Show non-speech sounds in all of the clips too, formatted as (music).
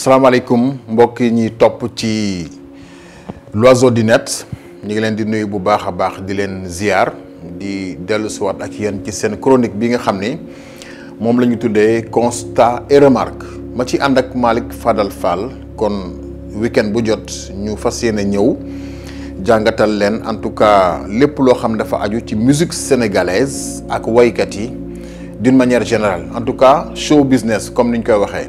Salam alaikum, yi ñi top ci l'oiseau du net ñi ngi di nuyu bu baax di ziar di dellu siwaat ak yéen ci sen chronique bi nga xam mom lañu tuddé constat et remarque ma ci ànd ak Fadal Fall kon weekend bu jot ñu fas ñew jangatal jàngatal en tout cas lépp lo xam dafa aju ci musique sénégalaise ak waykat d'une manière générale en tout cas show business comme niñ koy waxé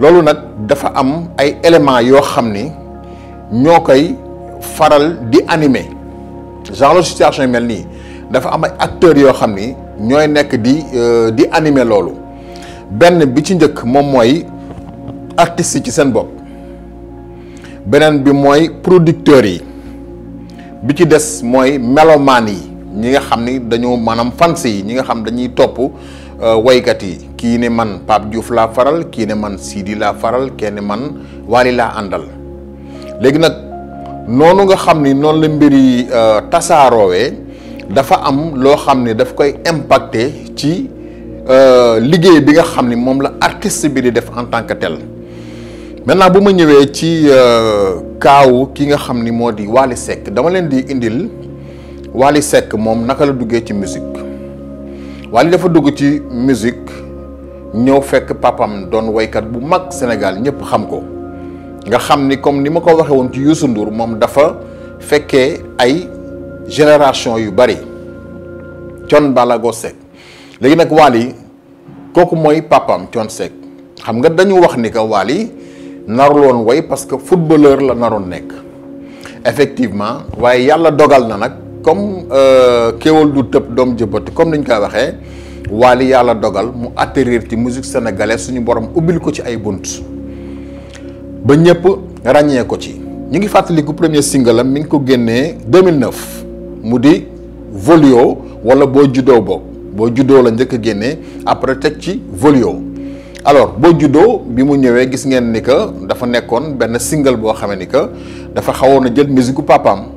loolu nag dafa am ay éléments yoo xam ni ñoo koy faral di anime genre situation yu mel nii dafa am ay acteurs yoo xam ni ñooy nekk di euh, di animer loolu benn bi ci njëkk moom mooy artistes yi ci seen bopp beneen bi mooy producteurs yi bi ci des mooy melomaan yi ñi nga xam ni dañoo maanaam fans yi ñi nga xam dañuy topp. Euh, waykat yi kii ne man Pape Diouf laa faral kii ne man Sidi laa faral kenn man Wally laa àndal léegi nag noonu nga xam ni noonu la mbir yi euh, tasaaroowee dafa am loo xam ne daf koy impacter ci euh, liggéey bi nga xam ni moom la artiste bi di def en tant que tel maintenant bu ma ñëwee ci kaawu ki nga xam ni moo di Wally sekk dama leen di indil Wally Seck moom naka la duggee ci musique Wali dafa dugg ci musique ñeu fekk papam don woykat bu mag Sénégal ñëpp xam ko nga xam ni comme ni ko waxé won ci Youssou Ndour mom dafa fekkee ay génération yu bari Thione Ballago Seck léegi nak Wali kooku moy papam Tion Seck xam nga dañu wax ni ka Wali narul way parce que footballeur la naroon nek effectivement waye yalla dogal na nak comme euh, kéwal du tëb doom jëbati comme ni ñu koy waxee waali yàlla dogal mu atterrir ci musique sénégalaise suñu borom ubbil ko ci ay bunt ba ñëpp ràññee ko ci ñu ngi fàttaliku premier single am mi ngi ko génnee 2009 mu di Volio wala boo juddoo boobu boo juddoo la njëkk a génnee après teg ci Volio alors boo juddoo bi mu ñëwee gis ngeen ni que dafa nekkoon benn single boo xamee ni que dafa xawoon a jël musique gu papaam.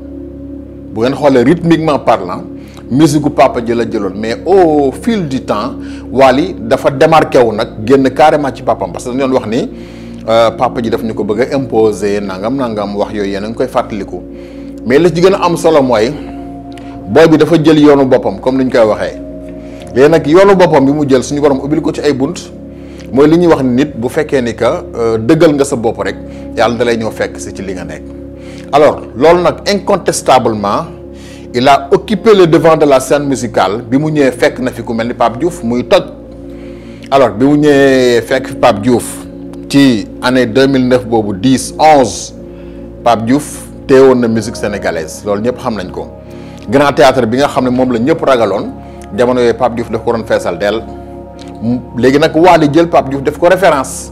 bu ngeen xoolee rythmiquement parlant musique gu Papa Dia la jëloon mais au fil du temps Wali dafa démarqué wu nag carrément ci papam parce que dañu doon wax ni euh, Papa Dia daf ñu ko bëgg imposer nangam nangam wax yooyu yéen koy fatlikou mais li ci gën am solo moy boy bi dafa jël yoonu bopam comme niñ koy waxé lé nak yoonu bopam bi mu jël suñu borom ubbil ko ci ay bunt moy li ñi wax nit bu fekkee ni ka euh, dëggal nga sa bop rek yalla da lay ñëw fekk ci li nga nekk alors loolu nag incontestablement il a occupé le devant de la scène musicale bi mu ñëwee fekk na fi ku mel Pape Diouf muy toj alors bi mu ñëwee fekk Pape Diouf ci année 2009 bobu 10 11 Pape Diouf teewoon musique sénégalaise loolu ñëpp xam nañ ko grand théâtre bi nga xam mom moom la ñëpp ragaloon jamono yooyu Pape Diouf daf ko doon feesal dell léegi nag waa di jël Pape Diouf def ko référence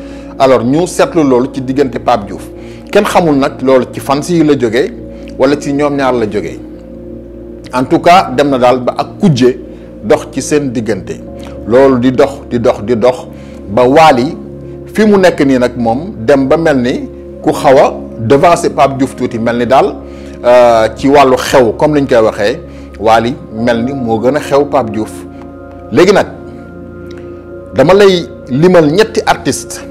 alors ñu seetlu loolu ci diggante Pape Diouf kenn xamul nak loolu ci fans yi la jógee wala ci ñoom ñaar la jógee en tout cas dem na ba ak kujje dox ci sen digënté loolu di dox di dox di dox ba wali fi mu nek ni nak mom dem ba melni ku xawa a devancer Pape Diouf touti melni dal euh ci walu xew comme ni koy waxé wali melni mo gëna xew pap Diouf légui nak dama lay limal ñetti artiste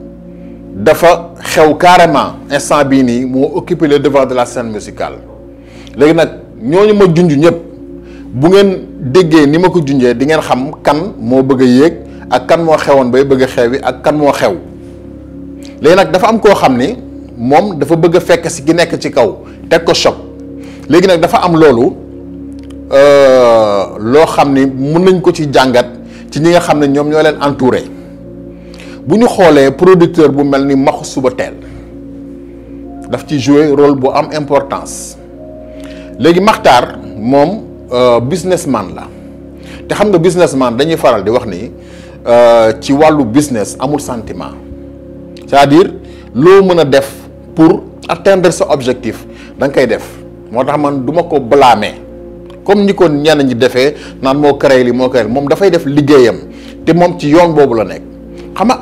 dafa xew carrément instant bi ni mo occuper le devant de la scène musicale légui nak ñooñu ma junj ñëpp bu ngeen déggé ni ma ko junjee di ngeen xam kan mo bëgg a ak kan mo xewon bay bëgg a xewi ak kan mo xew légui nak dafa am ko xam mom dafa bëgg fekk ci gi nekk ci kaw teg ko choc légui nak dafa am lolu euh lo ni mën nañ ko ci jàngat ci ñi nga xam ñom ñoom ñoo leen entouré bu ñu xoolee producteur bu mel ni Maxu Subatel daf ci jouer rôle bu am importance léegi Maxtaar moom euh, businessman la te xam nga businessman dañuy faral di wax ni euh, ci wàllu business amul sentiment c'est-à-dire loo mën a def pour atteindre sa objectif da nga koy def moo tax man du ma ko blâmer comme ni ko ñenn ñi defee naan moo créé li moo créé moom dafay def liggéeyam te moom ci yoon boobu la nekk. xama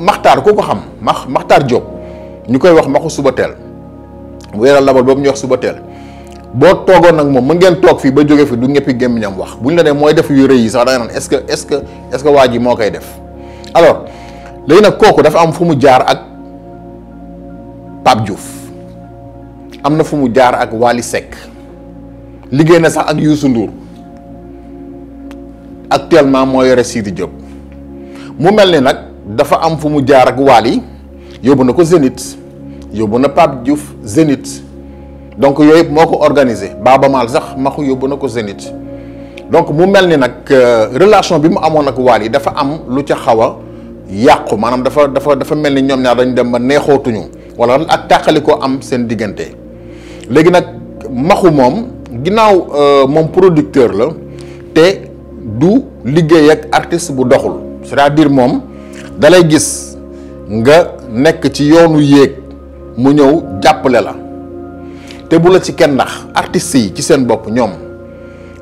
maktar maxtaar ko xam mak maktar job ñukoy wax maxu subatel mu yeral labal boobu ñu wax subatel bo togon nak mom mën ngeen tok fi ba joge fi du gem ñam wax buñ la né moy def yu reuy sax da nga est ce que est ce que est ce que waji mo koy def alors lay nak koku dafa am fu mu jaar ak pap Diouf amna fu mu jaar ak wali sek liggéey na sax ak Youssou Ndour actuellement moo yore Sidi job mu melni nak dafa am fu mu jaar ak wali yóbbu na ko Zénith yóbbu na Pape Diouf donc yooyu moko organiser baba organisé sax maxu yóbbu na ko donc mu melni nak euh, relation bi mu ak wali dafa am lu ci xawa a manam dafa dafa dafa melni ñom ñaar dañ dem ba wala ak takaliko am sen diggante légui nak maxu mom ginaaw euh, mom producteur la te du liggéey ak artiste bu doxul c'est-à-dire mom. dalay gis nga nekk ci yoonu yéeg mu ñëw jàppale la te bu la ci kenn ndax artistes yi ci seen bopp ñoom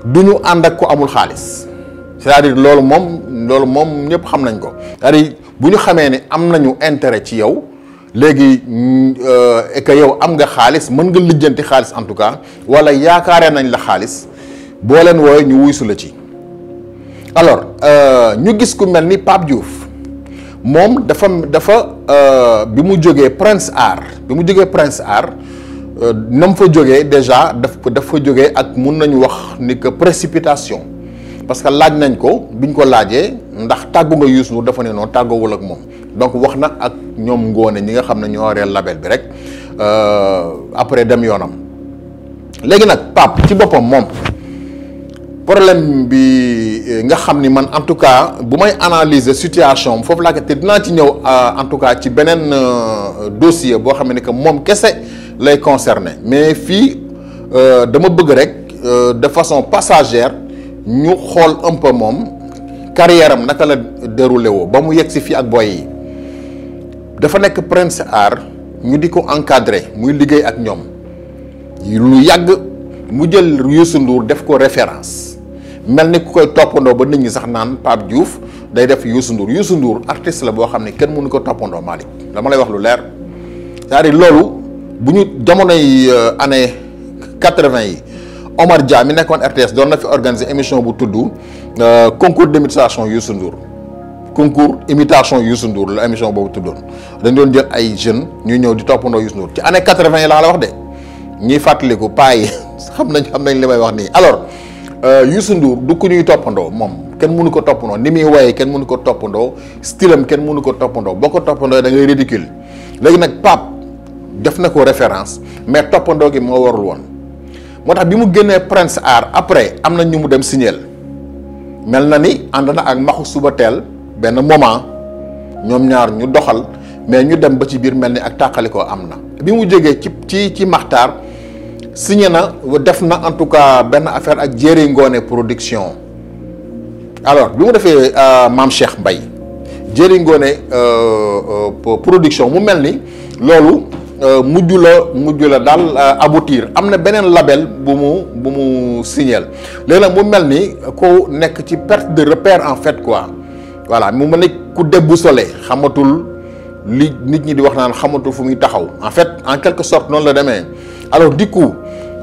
du ñu ànd ak ku amul xaalis c'est-à-dire loolu moom loolu moom ñëpp xam nañ ko cest bu ñu xamee ni am nañu intérêt ci yow léegi euh, et yow am nga xaalis mën nga lijjanti xaalis en tout cas wala yaakaaree nañ la xaalis boo leen wooyee ñu wuysu la ci alors euh, ñu gis ku mel ni Pape Diouf mom dafa dafa euh, bi mu Prince Art bi mu Prince Art euh, déjà dafa dafa que précipitation parce que laaj nañ ko biñ ko laajee ndax tàggu nga Youssou dafa donc wax ak ñi nga label euh, après dem ci problème bi eh, nga xamni man en tout cas bu may analyser situation fofu la ko te dina ci ñew euh, en tout cas ci benen euh, dossier bo xam que mom kessé lay concerné mais fi euh dama bëgg rek euh, de façon passagère ñu xol un peu mom carrière am naka la déroulé wo ba mu yegg si fii ak boy yi dafa nek Prince Art ñu diko encadrer muy liggéey ak ñoom lu yag mu jël Youssou Ndour def ko référence mel ni ku koy topando ba nit ñi sax naan pap Diouf day def Youssou Ndour Youssou Ndour artiste la bo xamne ne kenn mënu ko topando malik dama lay wax lu leer c'est-à-dire lolu buñu ñu jamonoy euh, année 80 yi Omar Dia mi nekkoon RTS doon na fi organiser émission bu tudd euh, concours d'imitation Youssou Ndour concours imitation Youssou Ndour la émission boobu tuddoon dañ doon jël ay jeunes ñu ñëw di topando Youssou Ndour ci année 80 la la wax de ñi fàttaliku paa yi (laughs) xam nañ xam nañ li wax ni alors. Euh, Youssou Ndour du ku ñuy toppandoo moom kenn mënu ko toppandoo ni muy woyee kenn mënu ko toppandoo stylam kenn mënu ko toppandoo boo ko toppandoo da ngay ridicule léegi nag Pape def na ko référence mais toppandoo ki moo warul woon moo tax bi mu génnee Prince Art après am na ñu mu dem signeel mel na ni ànd na ak maxu suba teel benn moment ñoom ñaar ñu doxal mais ñu dem ba ci biir mel ni ak tàqali ko am na bi mu jegee ci ci ci maxtaar signé na def en tout cas ben affaire ak production alors bimu defé à euh, Cheikh euh, euh, production mu melni lolu, loolu la la aboutir label bu mu bu mu mu ko perte de repère en fait quoi voilà mu mel ku déboussolé xamatul nit ñi di en fait en quelque sorte non la demain. alors du coup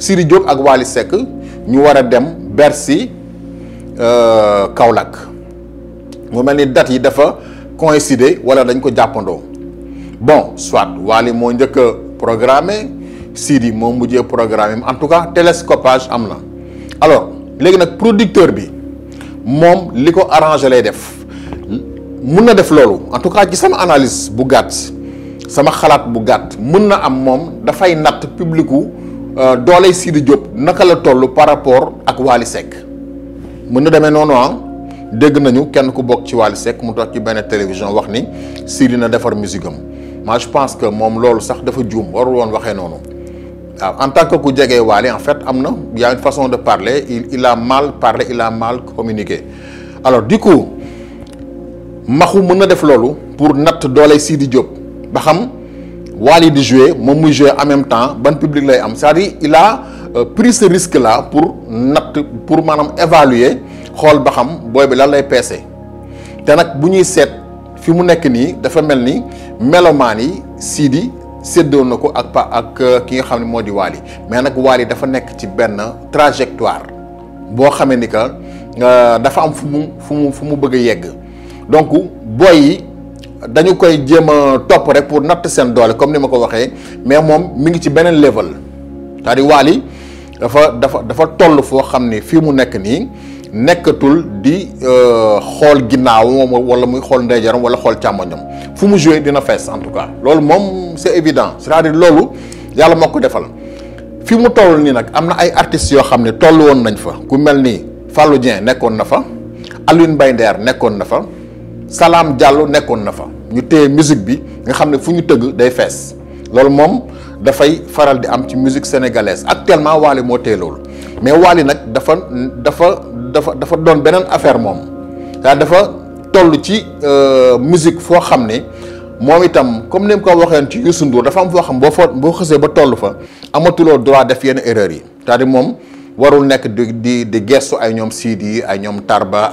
Siri Diop ak Waly Seck ñu war a dem Bercy euh, Kaolack mu mel ni date yi dafa coïncider wala dañ ko jàppandoo bon soit Waly moo njëkk a programmé Siri moo mujjee programmé en tout cas télescopage am na alors léegi nag producteur bi moom li ko arrangé lay def mun na def loolu en tout cas ci sama analyse bu gàtt sama xalaat bu gàtt mun na am moom dafay natt publiku Euh, dooley Sidi Diop naka la toll par rapport ak Waly Seck mën na de noonu ah. dégg nañu kenn ku bok ci Waly Seck mu toog ci télévision wax ni Sidi na defar musique am je pense que mom loolu sax dafa juum war won waxé nono ah, en tant que ku jege Waly en fait amna il y a une façon de parler il a mal parlé il a mal communiqué alors du coup maxu mën def loolu pour nat dooley Sidi Diop ba xam. Wali di jouer moom jouer en même temps ban public lay am c'est-à-dire il a euh, pris ce risque là pour natt pour Madame évaluer xol ba xam boy bi lan lay peese té nak buñuy sét fi mu nek ni dafa melni ni yi Sidi séddoo na ak pa ak euh, ki nga xamni modi Wali. mais nak Wali, dafa nek ci ben trajectoire bo xamé ni que euh, dafa am fumu fumu fumu bëgg yegg donc boy yi dañu koy jéem a topp rek pour natt seen doole comme ni ma ko waxee mais moom mi ngi ci beneen level cest à dafa dafa dafa toll foo xam ni fii mu nekk nii nekkatul di euh, xool ginnaaw moom wala muy xool ndeyjaram wala xool càmmoñam fu mu joué dina fees en tout cas loolu moom c'est évident cest loolu yàlla moo ko defal fi mu toll nii nag am na ay artistes yoo xam ne toll woon nañ fa ku mel ni Fallou Dieng nekkoon na fa Alioune Mbaye Nder nekkoon na fa. Salam Diallo nekkoon na fa ñu musique bi nga xam ne tëgg day faral di am musique sénégalaise actuellement Wally moo téye loolu mais Wally nag dafa dafa dafa affaire moom dafa euh, musique foo xam comme ni ko ci Youssou Ndour dafa am xam ba droit yi warul di di ay Tarba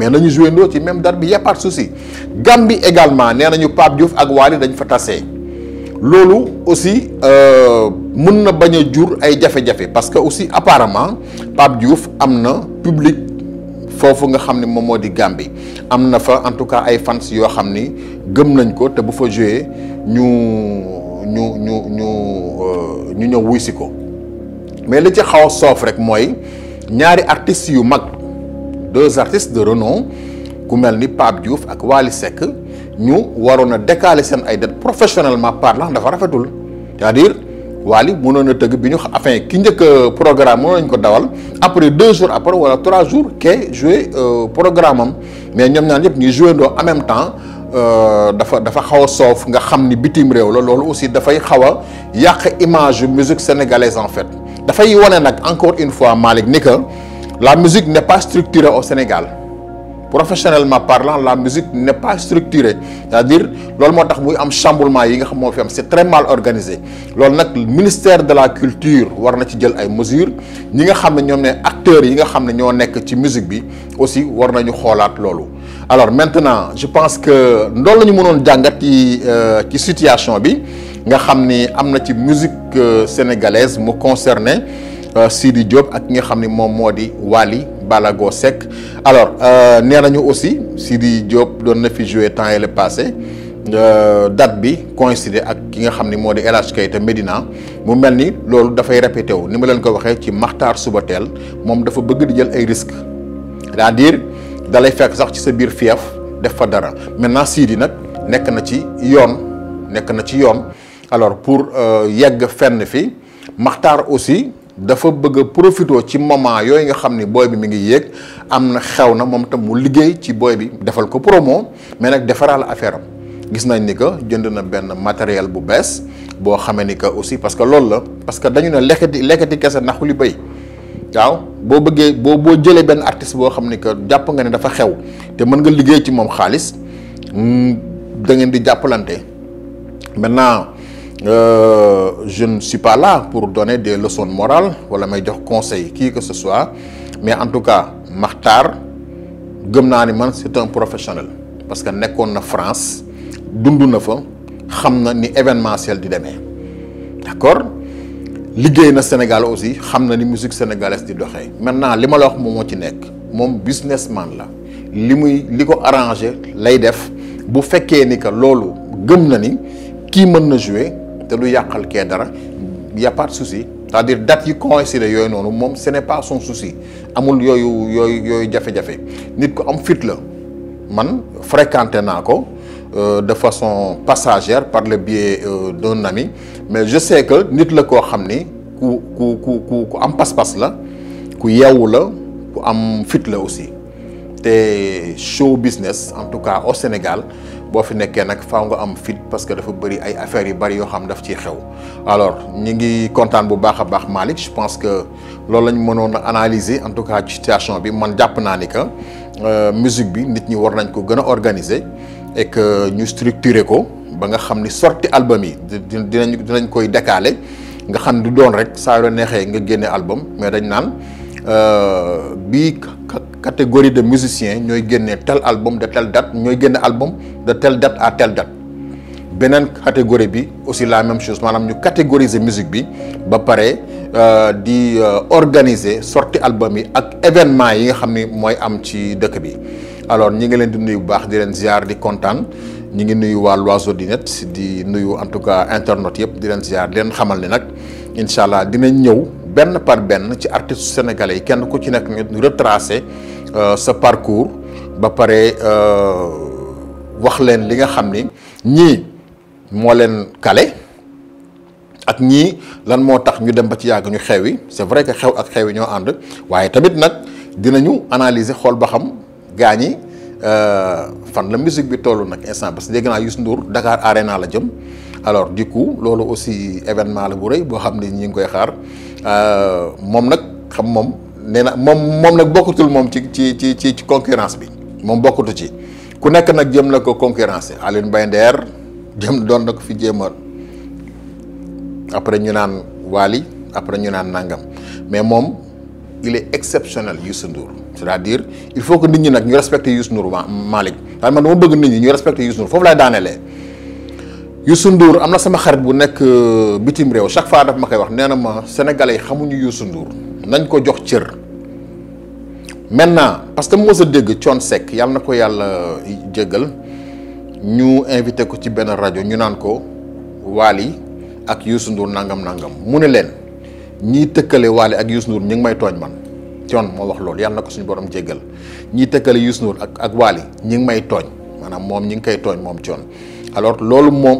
mais nañu joué d'autres, même il n'y a pas de souci Gambi également nous nañu Pape Diouf et Wally dañ fa aussi euh, parce que aussi apparemment Pape Diouf a public qui nga en tout cas ay fans nañ ko nous bu fa joué ñu nous nous nous ñu euh, mais li ci a rek nous deux artistes de renom Koumelni Diouf et Wali Sek, ñu avons professionnellement parlant c'est-à-dire Wally nous a programme après deux jours après trois jours avons joué euh, programme mais nous avons joué en même temps euh, dafa dafa xaw nga musique sénégalaise en fait dafay un encore une fois Malik la musique n'est pas structurée au Sénégal. Professionnellement parlant, la musique n'est pas structurée. C'est-à-dire, c'est très mal organisé. Le ministère de la Culture doit prendre des mesures. Nous savons les acteurs qui sont dans la musique aussi doivent regarder Alors maintenant, je pense que nous avons dit dans cette situation, nous avons la musique euh, sénégalaise me concernée. Euh, Sidi Diop ak ki nga xamni mom modi Wali Balago Sek alors euh aussi Sidi Diop doon na fi joué temps le passé euh, date bi coïncider ak ki nga xamni modi El Hadj Keita Medina mu melni ni da fay répété wu ni ma ko waxee ci Maxtaar Subatel moom dafa bëgg di jël ay risques c'est-à-dire dalay fekk sax ci sa bir fief def fa dara maintenant Sidi nak nek na ci yoon nek na ci yoon alors pour euh, yegg fenn fi Maxtaar aussi. dafa bëgg profito ci moment yoy nga xamni boy bi mi ngi yegg am na mom tam mu liggéey ci boy bi defal ko promo mais nag la affaire gis nañ ni ko jënd na ben matériel bu bess bo xamé ni ko aussi parce que lool la parce que dañu na lekkati lekkati kessa naxu li béy bo boo bëggee bo boo jëlee benn artiste bo xamni ko japp nga ni dafa xew té mën nga liggéey ci mom xaliss mm, da ngeen di jappalanté maintenant Euh, je ne suis pas là pour donner des leçons de morale wala may jox conseils.. qui que ce soit mais en tout cas Martar, c'est un professionnel parce que sommes en France dund na fa xam na ni événementiel di demain..! d'accord liggéey au Sénégal aussi xam ni musique sénégalaise di demain..! maintenant li ma la wax moom C'est ci businessman Ce li est li arrangé lay def bu fekkee ni que loolu gëm na ni kii mën na jouer te lu yàqal kee dara y a pas de souci c'est-à-dire date yi coïncidé yooyu noonu moom ce n'est pas son souci amul yooyu yooyu yooyu jafe-jafe nit ko am fit la man fréquenté naa ko euh, de façon passagère par le biais euh, d'un ami mais je sais que nit la koo xam ni ku ku ku ku ku am pas-pas la ku yeewu la ku am fit la aussi te show business en tout cas au Sénégal bo fi nekkee nak faaw nga am fit parce que dafa bëri ay affaire yu bari yo xam daf ci xew alors ñi ngi kontaan bu baakha baax Malick je pense que lool lañ mënon analyser en tout cas situation bi man japp naa ni que euh, musique bi nit ñi war nañ ko gëna organiser et que ñu structurer ko ba nga xam ni sorti album yi dinañ dinañ koy décaler nga xam du doon rek sa yoo neexee nga génne album mais dañ naan euh, bii catégorie de musiciens ñoy génne tel album de telle date ñoy génne album de telle date à telle date benen catégorie bi aussi la même chose manam ñu catégoriser musique bi ba euh, di euh, organiser sortie album yi ak événement yi nga xam moy am ci dëkk bi alors ñi ngi leen di nuyu bu baax di leen ziar di contane ñi ngi nuyu wa L'Oiseau du Net di nuyu en tout cas internet yépp di leen ziar di leen xamal ni nak inshallah dinañ ñëw. benn par benn ci artiste sénégalais yi kenn ku ci nekk ñu retracé euh, sa parcours ba pare euh, wax leen li nga xam ni ñii moo leen kale ak ñii lan moo tax ñu dem ba ci yàgg ñu xew yi c'est vrai que xew ak xew yi ñoo ànd waaye tamit nag dinañu analyser xool ba xam gaa ñi euh, fan la musique bi toll nag instant parce que dégg naa Youssou Ndour Dakar Arena la jëm alors du coup loolu aussi événement la bu rëy boo xam ne ñi ngi koy xaar Euh, mom nak xam mom nee mom mom nak nag mom ci ci ci ci concurrence bi mom bokkatu ci ku nek nak jëm na ko concurrence Alioune Mbaye Nder jëm don nak fi jéem après ñu naan wali après ñu naan nangam mais mom il est exceptionnel Youssou Ndour c'est-à-dire il faut que nit ñi nak ñu respecter Youssou Ndour Malick man dama bëgg nit ñi ñu respecter Youssou Ndour fofu lay danelé Youssou nduur am na sama xarit bu nekk euh, bitim réew chaque fois daf ma koy wax nee na ma sénégalais yi xamuñu Youssou Ndour nañ ko jox cër maintenant parce que mos a dégg coon sekk yal na ko yàlla euh, jéggal ñu invité ko ci benn rajo ñu naan ko Wally ak Youssou nduur nangam nangam mu ne leen ñiy tëkkale Wally ak Youssou Ndour ñu ngi may tooñ man Thione moo wax loolu yàlla na ko suñu borom jéggal ñiy tëkkale Youssou Ndour ak ak Wally ñu ngi may tooñ maanaam moom ñi ngi koy too moom Thione alors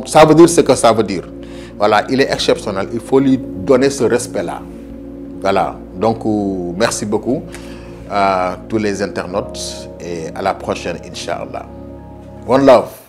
ça veut dire ce que ça veut dire voilà il est exceptionnel il faut lui donner ce respect là voilà donc euh, merci beaucoup à euh, tous les internautes et à la prochaine Inch'Allah..! one love